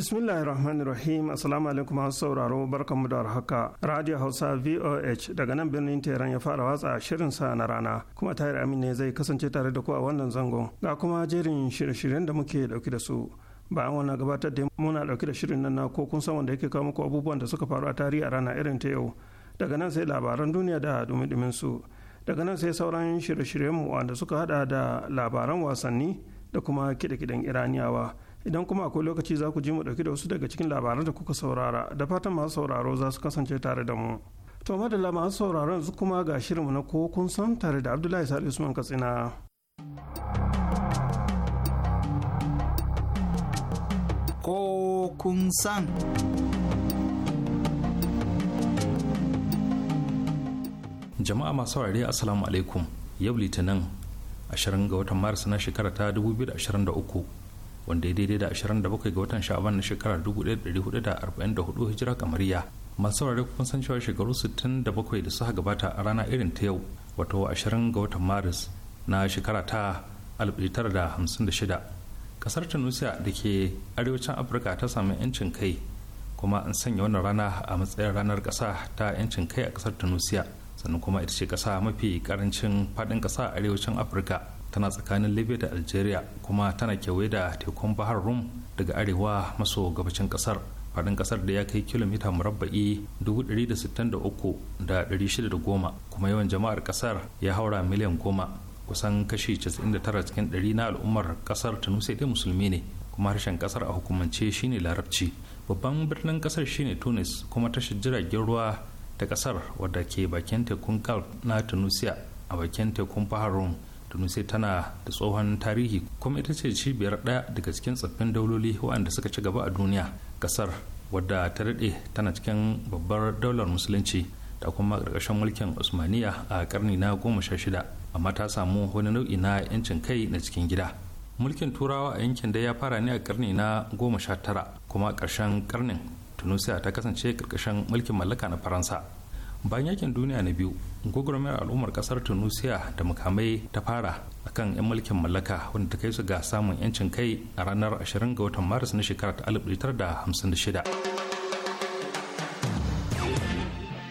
Bismillahir Rahmanir Rahim. Assalamu alaikum masu sauraro barkanmu da haka. Radio Hausa VOH daga nan birnin Tehran ya fara watsa shirin sa na rana. Kuma Tahir Amin ne zai kasance tare da ku a wannan zangon. Ga kuma jerin shirye-shiryen da muke dauki da su. Bayan wannan gabatar da muna dauki da shirin nan na ko kun san wanda yake kawo muku abubuwan da suka faru a tarihi a rana irin ta yau. Daga nan sai labaran duniya da dumi-dumin su. Daga nan sai sauran shirye-shiryen mu wanda suka hada da labaran wasanni da kuma kide-kiden Iraniyawa. idan kuma akwai lokaci za ku ji mu dauki da wasu daga cikin labaran da kuka saurara da fatan masu sauraro za su kasance tare da mu to madalla masu sauraron yanzu kuma ga shirinmu na ko kun san tare da abdullahi sa'ad usman katsina ko kun san jama'a masu saurare assalamu alaikum yau litinin 20 ga watan maris na shekara ta 2023 wanda ya daidai da 27 ga watan sha'aban na shekarar 1444 hijira kamariya masu saurare kun san cewa shekaru 67 da suka gabata a rana irin ta yau wato 20 ga watan maris na shekara ta 1956 kasar tunisia da ke arewacin afirka ta sami 'yancin kai kuma an sanya wannan rana a matsayin ranar kasa ta 'yancin kai a kasar tunisia sannan kuma ita ce kasa mafi karancin faɗin kasa a arewacin afirka tana tsakanin libya da algeria kuma tana kewaye da tekun bahar rum daga arewa maso gabacin kasar faɗin ƙasar da ya kai kilomita murabba'i 163,610 kuma yawan jama'ar ƙasar ya haura miliyan goma kusan kashi 99 cikin 100 na al'ummar ƙasar tunisia dai musulmi ne kuma harshen ƙasar a hukumance shine larabci babban birnin ƙasar shine tunis kuma tashar jiragen ruwa ta ƙasar wadda ke bakin tekun gulf na tunisia a bakin tekun bahar rum domin sai tana da tsohon tarihi kuma ita ce cibiyar ɗaya daga cikin tsaffin dauloli waɗanda suka ci gaba a duniya ƙasar wadda ta daɗe tana cikin babbar daular musulunci da kuma ƙarƙashin mulkin usmaniya a ƙarni na goma sha shida amma ta samu wani nau'i na 'yancin kai na cikin gida mulkin turawa a yankin da ya fara ne a ƙarni na goma sha tara kuma ƙarshen ƙarnin tunisia ta kasance ƙarƙashin mulkin mallaka na faransa bayan yakin duniya na biyu gwagwarmayar al'ummar kasar tunisia da makamai ta fara a kan 'yan mulkin mallaka wanda ta kai su ga samun 'yancin kai a ranar 20 ga watan maris na shekarar 1956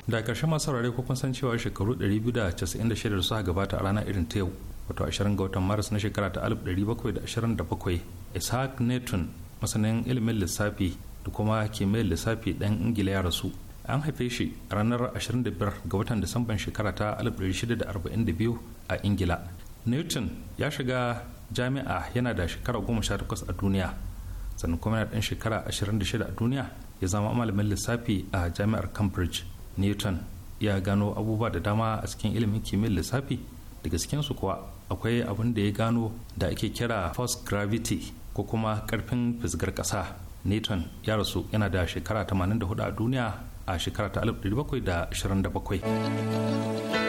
da ƙarshe masu saurare kun san cewa shekaru 296 da suka gabata a ranar irin ta yau wato 20 ga watan maris na shekara ta 1727 isaac newton masanin ilimin lissafi da kuma kimiyyar lissafi ɗan ingila ya rasu an haife shi ranar 25 ga watan disamban shekara ta 1642 a ingila newton ya shiga jami'a yana da shekara 18 a duniya sannan kuma yana ɗan shekara 26 a duniya ya zama malamin lissafi a jami'ar cambridge newton ya gano abubuwa da dama a cikin ilimin kimiyyar lissafi daga su kuwa akwai abin da ya gano da ake kira force gravity ko kuma karfin fisgar kasa newton ya rasu yana da shekara 84 a duniya a shekarar ta 1727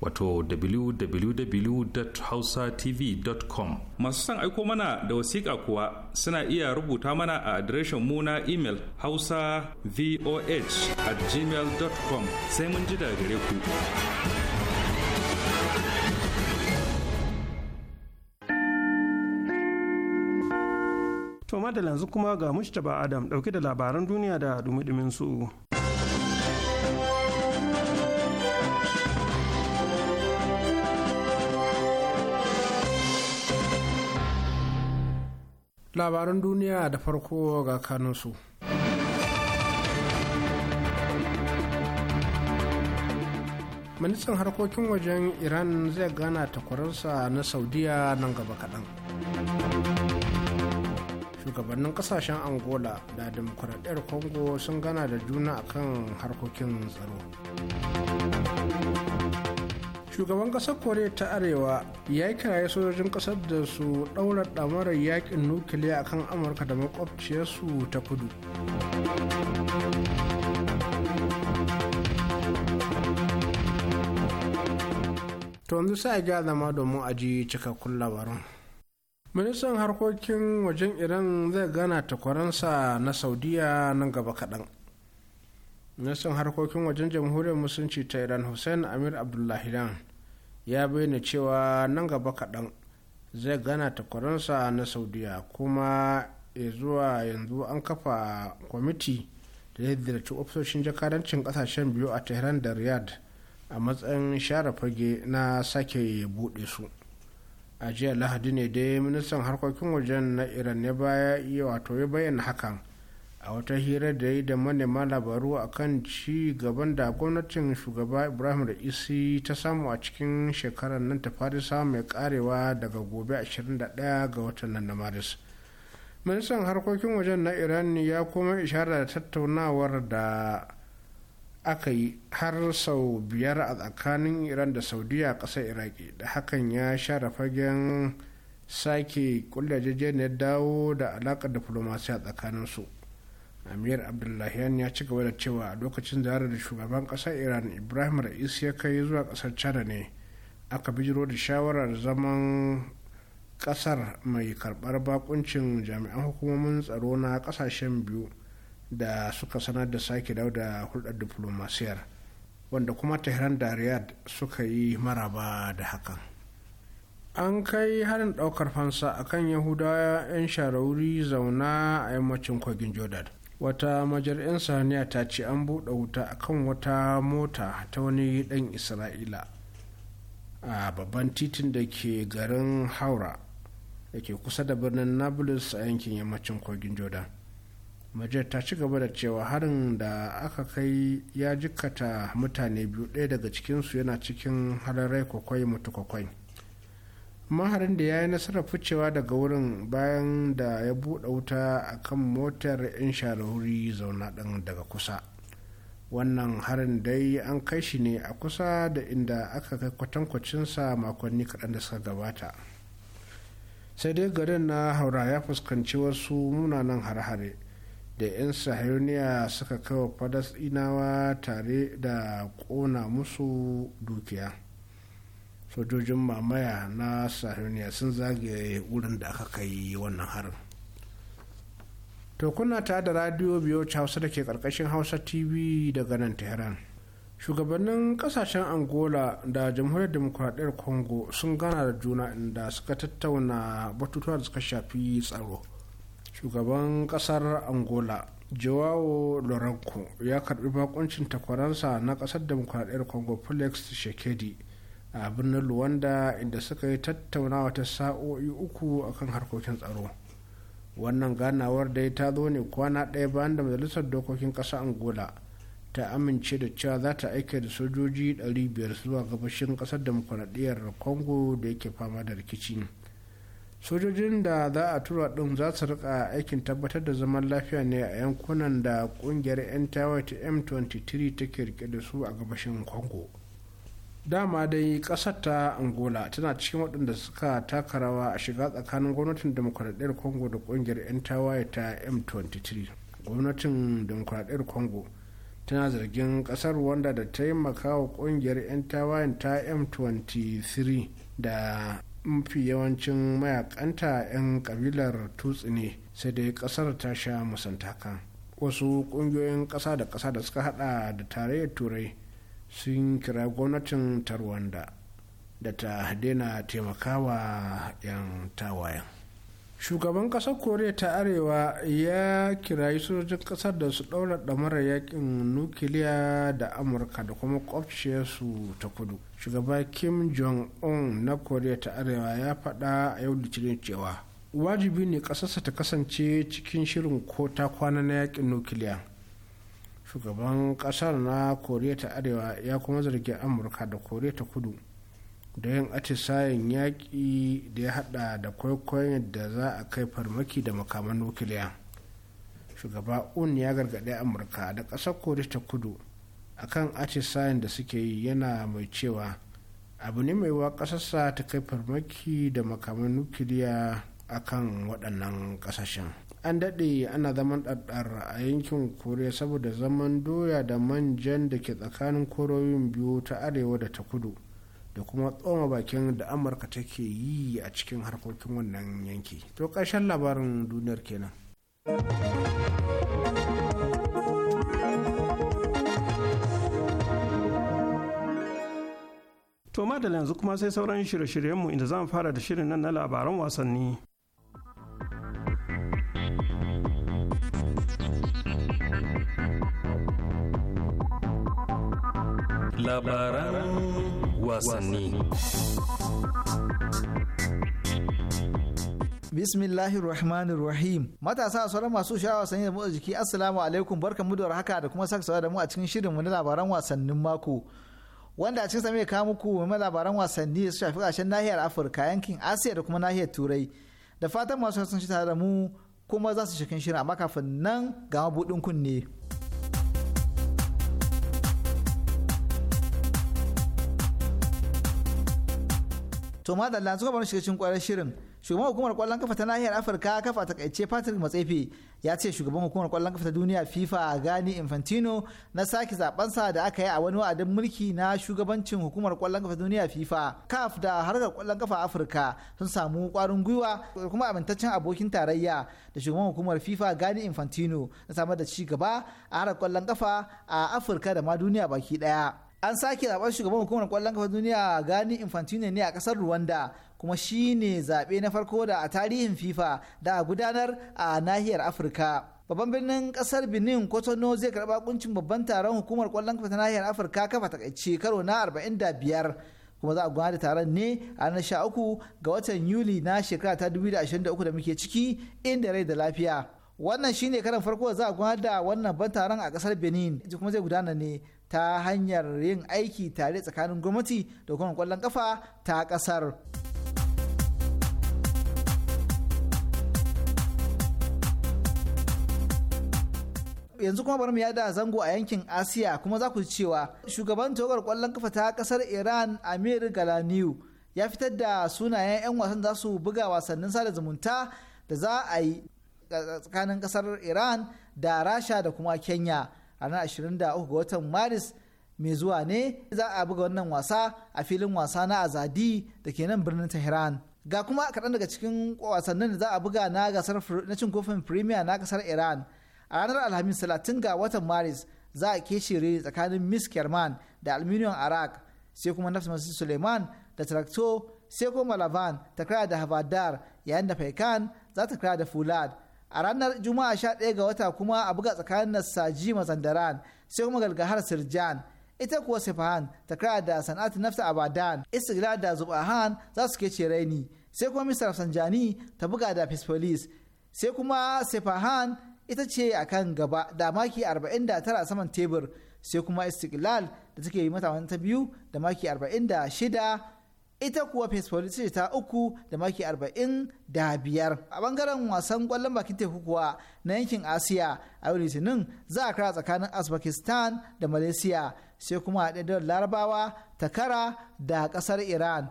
wato www.hausatv.com masu son aiko mana da wasiƙa kuwa suna iya rubuta mana a adireshin mu na imel hausa voh at gmail.com sai mun ji da gare ku to yanzu kuma ga mushtaba adam dauke da labaran duniya da dumi su labaran duniya da farko ga kanunsu. ministan harkokin wajen iran zai gana takwararsa na saudiya nan gaba kaɗan shugabannin kasashen angola da demokuraɗiyar congo sun gana da juna akan harkokin tsaro shugaban ƙasar koriya ta arewa ya yi kiraye sojojin ƙasar da su ɗaura damarar yakin nukiliya a kan amurka da makwabciyarsu ta kudu to yanzu sai ga zama domin a ji cikakkun labarin ministan harkokin wajen iran zai gana takwaransa na saudiya nan gaba kaɗan ministan harkokin wajen jamhuriyar musulunci ta iran hussein amir abdullahidan ya bayyana cewa nan gaba kaɗan zai gana takwaransa na saudiya kuma ya zuwa yanzu an kafa kwamiti da ya ziyarci ofisoshin jakadancin kasashen biyu a tehran da riyadh a matsayin share fage na sake buɗe su a jiya lahadi ne dai ministan harkokin wajen na iran ya baya iya wato ya bayyana hakan a wata hira da yi da manema labaru a kan ci gaban da gwamnatin shugaba ibrahim da isi ta samu a cikin shekarar nan ta farisa mai karewa daga gobe 21 ga watan nan na maris ministan harkokin wajen na iran ya kuma ishara da tattaunawar da aka yi har sau biyar a tsakanin iran da saudiya ƙasar iraki da hakan ya share fagen sake kulle dawo da alaƙar tsakanin su. amir abdullahian ya ci gaba da cewa a lokacin ziyarar da shugaban ƙasar iran ibrahim ra'is ya kai zuwa ƙasar china ne aka bijiro da shawarar zaman ƙasar mai karbar bakuncin jami'an hukumomin tsaro na kasashen biyu da suka sanar da sake dawo da hulɗar diflomasiyar wanda kuma tehran da riyadh suka yi maraba da hakan an kai harin ɗaukar fansa akan yahudawa 'yan sharauri zauna a yammacin kogin jordan wata majar 'yan saniya ta ce an buɗe wuta kan wata mota ta wani ɗan isra'ila a babban titin da ke garin haura da ke kusa da birnin nablus a yankin yammacin kogin jordan majar ta ci gaba da cewa harin da aka kai ya jikkata mutane biyu ɗaya daga cikinsu yana cikin halarai kwakwai mutu kwakwai maharin da ya yi nasarar ficewa daga wurin bayan da ya buɗe wuta a kan motar 'yan sharahuri zauna ɗin daga kusa wannan harin dai an kai shi ne a kusa da inda aka kai kwatankwacinsa makonni kaɗan da suka gabata sai dai garin na haura ya fuskanci wasu munanan har-hare da 'yan sahiyoniya suka kai wa falasɗinawa tare da ƙona musu dukiya. sojojin mamaya na sahiniya sun zagaye wurin da aka kai wannan harin to kuna ta da radio biyo hausa da ke karkashin hausa tv daga nan tehran shugabannin kasashen angola da jamhuriyar demokuraɗiyar congo sun gana da juna inda suka tattauna batutuwa da suka shafi tsaro shugaban kasar angola joao lorenco ya karbi bakuncin takwaransa na kasar demokuraɗiyar congo felix shekedi a birnin luwanda inda suka yi tattaunawa ta sa'o'i uku akan harkokin tsaro wannan ganawar dai ta zo ne kwana ɗaya bayan da majalisar dokokin ƙasa angola ta amince da cewa za ta aika da sojoji 500 zuwa gabashin ƙasar demokuraɗiyyar congo da yake fama da rikici sojojin da za a tura ɗin za su rika aikin tabbatar da zaman lafiya ne a yankunan da ƙungiyar 'yan ta m23 take rike da su a gabashin congo dama dai kasar ta angola tana cikin waɗanda suka taka rawa a shiga tsakanin gwamnatin demokuraɗiyar congo da ƙungiyar 'yan tawaye ta m23 gwamnatin demokuraɗiyar congo tana zargin ƙasar wanda da taimaka wa ƙungiyar 'yan tawaye ta m23 da mafi yawancin mayakanta 'yan kabilar tutsi ne sai dai ƙasar ta sha musantaka wasu ƙungiyoyin ƙasa da ƙasa da suka hada da tarayyar turai sun kira gwamnatin tarwanda da ta daina taimakawa 'yan tawayen shugaban ƙasar koriya ta arewa ya kirayi sojojin ƙasar da su ɗaura ɗamarar yakin nukiliya da amurka da kuma su ta kudu shugaba kim jong-un na koriya ta arewa ya faɗa a yau litinin cewa wajibi ne ƙasarsa ta kasance cikin shirin ko ta kwana na yakin nukiliya shugaban kasar na koriya ta arewa ya kuma zargi amurka da koriya ta kudu da yin atisayen yaƙi da ya hada da kwaikwayon da za a kai farmaki da makaman nukiliya shugaba un ya gargaɗe amurka da ƙasar koriya ta kudu akan atisayen da suke yi yana mai cewa abu ne mai wa ƙasarsa ta kai farmaki da makaman nukiliya akan waɗannan ƙasashen an daɗe ana zaman ɗaɗɗar a yankin koriya saboda zaman doya da manjan da ke tsakanin koroyin biyu ta arewa da ta kudu da kuma tsoma bakin da amurka take yi a cikin harkokin wannan yanki to ƙarshen labarin duniyar kenan to da yanzu kuma sai sauran shirye-shiryenmu inda zan fara da shirin nan na labaran wasanni Labaran wasanni. Bismillahir Rahmanir Rahim. Matasa sauran masu sha'awa wasanni da motsa jiki Assalamu alaikum barkanmu da haka da kuma saka da mu a cikin shirinmu na labaran wasannin mako. Wanda a cikin sa mai kawo muku mai labaran wasanni da su shafi ƙarshen nahiyar Afirka yankin Asiya da kuma nahiyar Turai. Da fatan masu sun shi tare da mu kuma za su shirin amma kafin nan ga mabuɗin kunne. to madalla suka bar shiga cikin kwarar shirin shugaban hukumar kwallon kafa ta nahiyar afirka kafa ta kaice patrick matsefe ya ce shugaban hukumar kwallon kafa ta duniya fifa gani infantino na sake zabansa da aka yi a wani wa'adin mulki na shugabancin hukumar kwallon kafa ta duniya fifa kaf da harkar kwallon kafa afirka sun samu kwarin gwiwa kuma amintaccen abokin tarayya da shugaban hukumar fifa gani infantino na samar da ci gaba a harkar kwallon kafa a afirka da ma duniya baki daya an sake zaɓar shugaban hukumar kwallon kafa duniya gani infantino ne a kasar rwanda kuma shi ne zaɓe na farko da a tarihin fifa da a gudanar a nahiyar afirka babban birnin kasar benin kotono zai karɓa kuncin babban taron hukumar kwallon kafa ta nahiyar afirka kafa takaice karo na 45 kuma za a gudanar da taron ne a ranar 13 ga watan yuli na shekara ta 2023 da muke ciki inda rai da lafiya wannan shine karan farko za a gudanar da wannan ban taron a kasar benin kuma zai gudana ne ta hanyar yin aiki tare tsakanin gwamnati da kuma kwallon kafa ta kasar yanzu kuma bari mu yada zango a yankin asiya kuma za ku ji cewa shugaban togar kwallon kafa ta kasar iran amir galaniu ya fitar da sunayen 'yan wasan za su buga wasannin sada zumunta da za a yi tsakanin kasar iran da rasha da kuma kenya ranar 23 ga watan maris mai zuwa ne za a buga wannan wasa a filin wasa na azadi da ke nan birnin tehran ga kuma kaɗan daga cikin wasannin da za a buga na gasar na cin kofin premier na kasar iran a ranar alhamis 30 ga watan maris za a re tsakanin miss kerman da aluminium arak sai kuma nafsa masu suleiman da tarakto sai kuma malavan ta kira da havadar yayin da faikan za ta kira da fulad a ranar juma'a sha ɗaya ga wata kuma a buga tsakanin nasaji mazandaran sai kuma galgahar sirjan ita kuwa sifahan ta kara da sana'at nafta abadan istiklal da zubahan za su kece raini sai kuma misar sanjani ta buga da fesfolis sai kuma sifahan ita ce a kan gaba da maki 49 a saman tebur sai kuma istiklal da take yi mata wani ta biyu da maki 46 ita kuwa Persepolis ce ta uku da maki arba'in da biyar. A bangaren wasan kwallon bakin teku kuwa na yankin Asiya a yau Litinin za a kara tsakanin Uzbekistan da Malaysia sai kuma a ɗaya Larabawa takara da ƙasar Iran.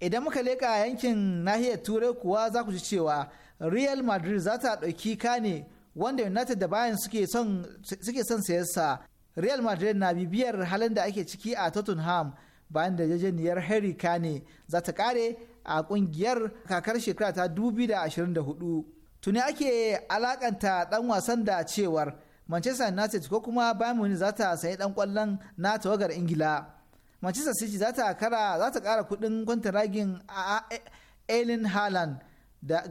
Idan muka leƙa yankin nahiyar Turai kuwa za ku ji cewa Real Madrid za ta ɗauki kane wanda united da bayan suke son sayarsa real madrid na bibiyar halin da ake ciki a tottenham bayan da jajeniyar harry kane za ta kare a kungiyar kakar shekara ta 2024 tuni ake alakanta dan wasan da cewar manchester united ko kuma bayern munich za ta sayi dan kwallon na tawagar ingila manchester city za ta kara za ta kara kudin kwantaragin a ellen haaland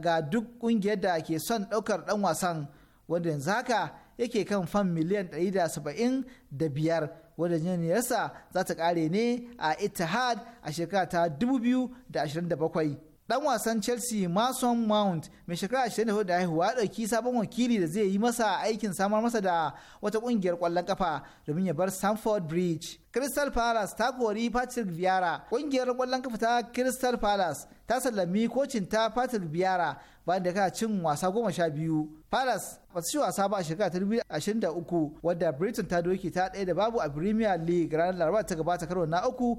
ga duk kungiyar da ke son daukar dan wasan wanda yanzu haka yake kan fan miliyan 175 wadda jiniyarsa za ta kare ne a Etihad a shekara ta 2027. Dan wasan Chelsea Mason Mount mai shekara 24 da haihuwa dauki sabon wakili da zai yi masa aikin samar masa da wata kungiyar kwallon kafa domin ya bar Stamford Bridge. Crystal Palace ta kori Patrick Vieira. kungiyar kwallon kafa ta Crystal Palace ta sallami kocin ta Patrick Vieira bayan da ka cin wasa goma sha biyu palace ba su ci wasa ba a shekara ta dubu ashirin da uku wadda britain ta doke ta ɗaya da babu a premier league ranar laraba ta gabata karo na uku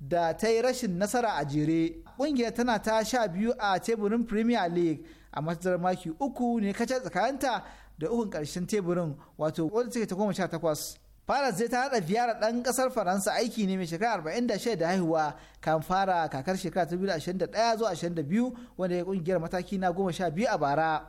da ta yi rashin nasara a jere ƙungiyar tana ta sha biyu a teburin premier league a matsayin maki uku ne kacal tsakaninta da ukun karshen teburin wato wadda take ta goma sha takwas Paris zai ta haɗa biyar ɗan ƙasar Faransa aiki ne mai shekara 46 da haihuwa kan fara kakar shekara 2021 zuwa 22 wanda ya kungiyar mataki na goma sha 12 a bara.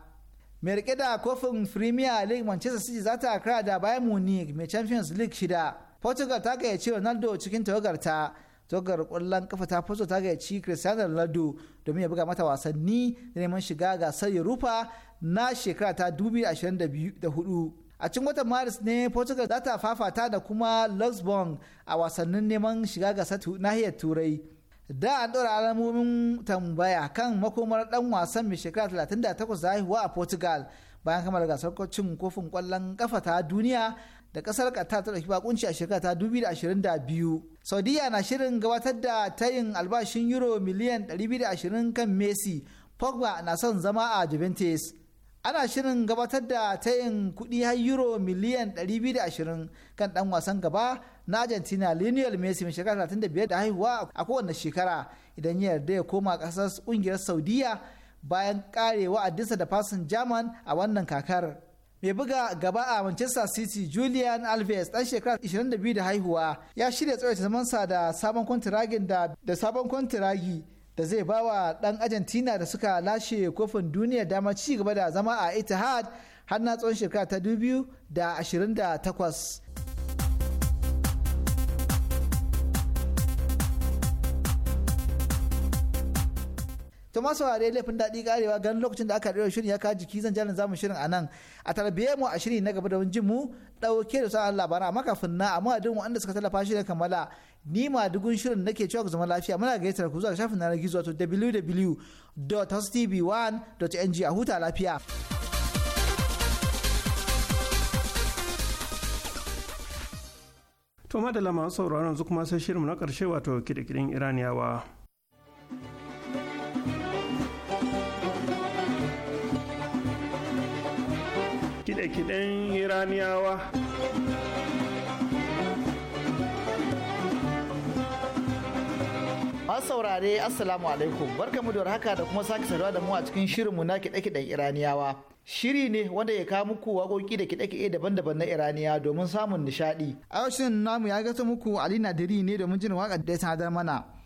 Mai rike da kofin Premier League Manchester City za ta kara da Bayern Munich mai Champions League shida. Portugal ta gayyaci Ronaldo cikin tawagarta. Tawagar ƙwallon kafa ta Porto ta gayyaci Cristiano Ronaldo domin ya buga mata wasanni da neman shiga gasar Europa na shekara ta 2024. a cikin watan maris ne portugal za ta fafata da kuma luxembourg a wasannin neman shiga ga nahiyar turai da an ɗora alamomin tambaya kan makomar ɗan wasan mai shekara 38 da haihuwa a portugal bayan kamar gasar cin kofin ƙwallon kafa ta duniya da ƙasar katar ta ɗauki bakunci a shekara ta 2022 saudiya na shirin gabatar da tayin albashin euro miliyan 220 kan messi pogba na son zama a juventus ana shirin gabatar da tayin kudi har euro miliyan 220 kan dan wasan gaba na argentina lionel messi mai shekara 35 da haihuwa a kowane shekara idan ya yarda ya koma kasar kungiyar saudiya bayan a wa'adinsa da fasin german a wannan kakar mai buga gaba a manchester city julian alves dan shekara 22 da haihuwa ya shirya tsawaita zamansa da sabon kwantiragin da sabon kwantiragi da zai ba wa ɗan argentina da suka lashe kofin duniya dama ci gaba da zama a itihad har na tsawon shekara ta 2028 to masu ware laifin daɗi karewa ganin lokacin da aka ɗaura shirin ya ka jiki zan jalin zamu shirin anan a tarbiyyar mu a shiri na gaba da jin mu ɗauke da sa'an labaran amma kafin na amma adin wanda suka tallafa shirin kammala ni ma dugun shirin nake cewa ku zama lafiya muna gayyatar ku zuwa shafin na gizo wato wwwtv 1ng a huta lafiya. To madalla masu sauraron yanzu kuma sai shirin na ƙarshe wato kiɗe-kiɗen Iraniyawa. kiɗe iraniyawa masu saurare assalamu alaikum barkamu da haka da kuma sake saduwa da mu a cikin shirinmu na kiɗe-kiɗen iraniyawa shiri ne wanda ya kawo muku waƙoƙi da kiɗe-kiɗe daban-daban na iraniya domin samun nishaɗi a yau shirin namu ya gasa muku ali nadiri ne domin jin waƙar da ya sanar mana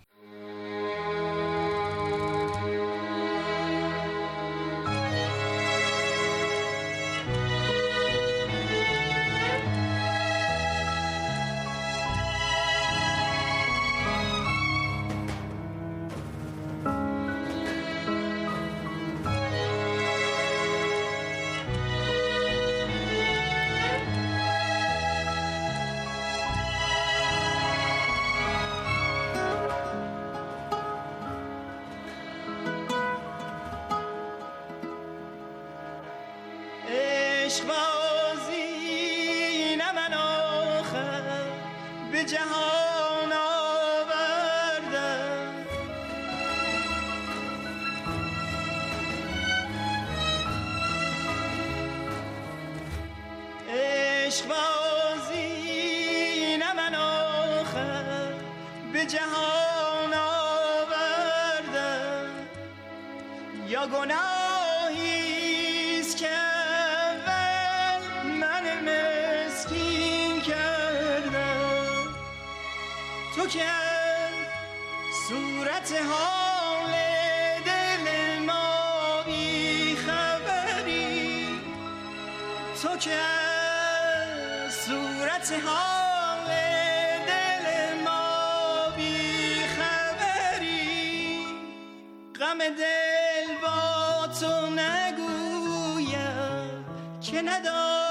عشق بازی نه من آخر به جهان آوردم یا گناهیست که من مسکین کردم تو که صورت حال دل ما خبری تو که حال دل ما خبری غم دل با تو نگویم که ندارم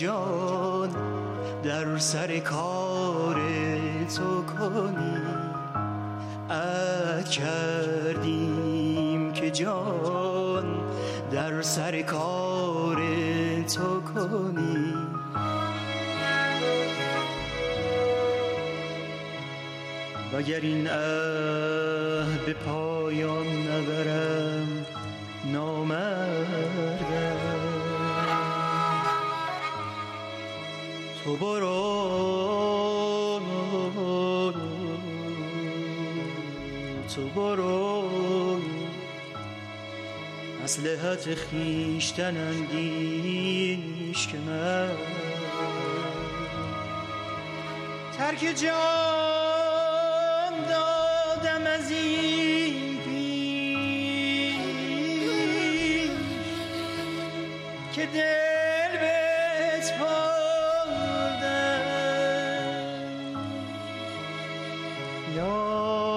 جان در سر کار تو کنی عد کردیم که جان در سر کار تو کنی وگر این عهد به پایان نبرد تو برو تو برو مسلحت خیشتن اندیش که من ترک جان دادم از این پیش که よ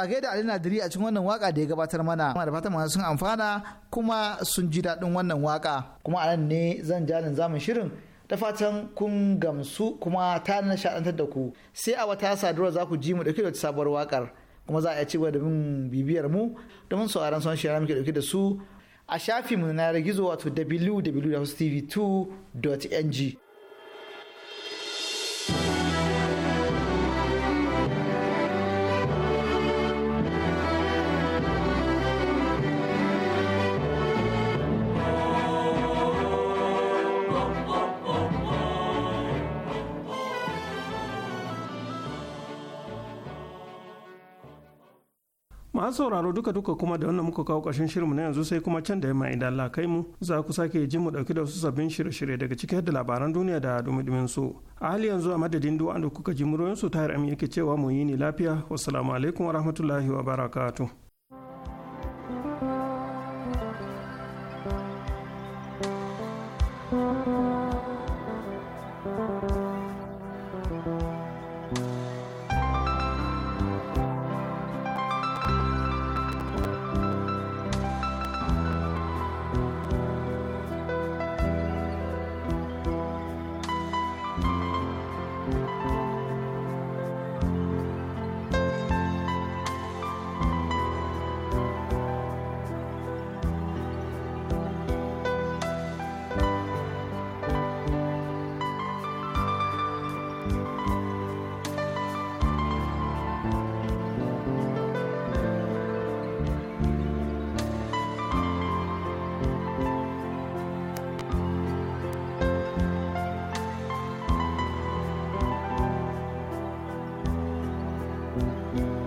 a gaida Ali Nadiri a cikin wannan waka da ya gabatar mana. Kuma da fatan masu sun amfana kuma sun ji daɗin wannan waka. Kuma a nan ne zan jalin zamun shirin da fatan kun gamsu kuma ta nishaɗantar da ku. Sai a wata sadarwa za ku ji mu dauke da sabuwar wakar. Kuma za a iya ci domin bibiyar mu domin sauraron son shirya muke dauke da su a shafinmu na gizo wato www.tv2.ng. masu sauraro duka duka kuma da wannan muka kawo ƙarshen shirinmu na yanzu sai kuma can da yamma idan Allah kai mu za ku sake ji mu ɗauki da wasu sabbin shirye-shirye daga ciki da labaran duniya da dumi su a hali yanzu a madadin duk da kuka ji muryoyin su tayar amin yake cewa mu yi ni lafiya wassalamu alaikum wa rahmatullahi wa barakatu. you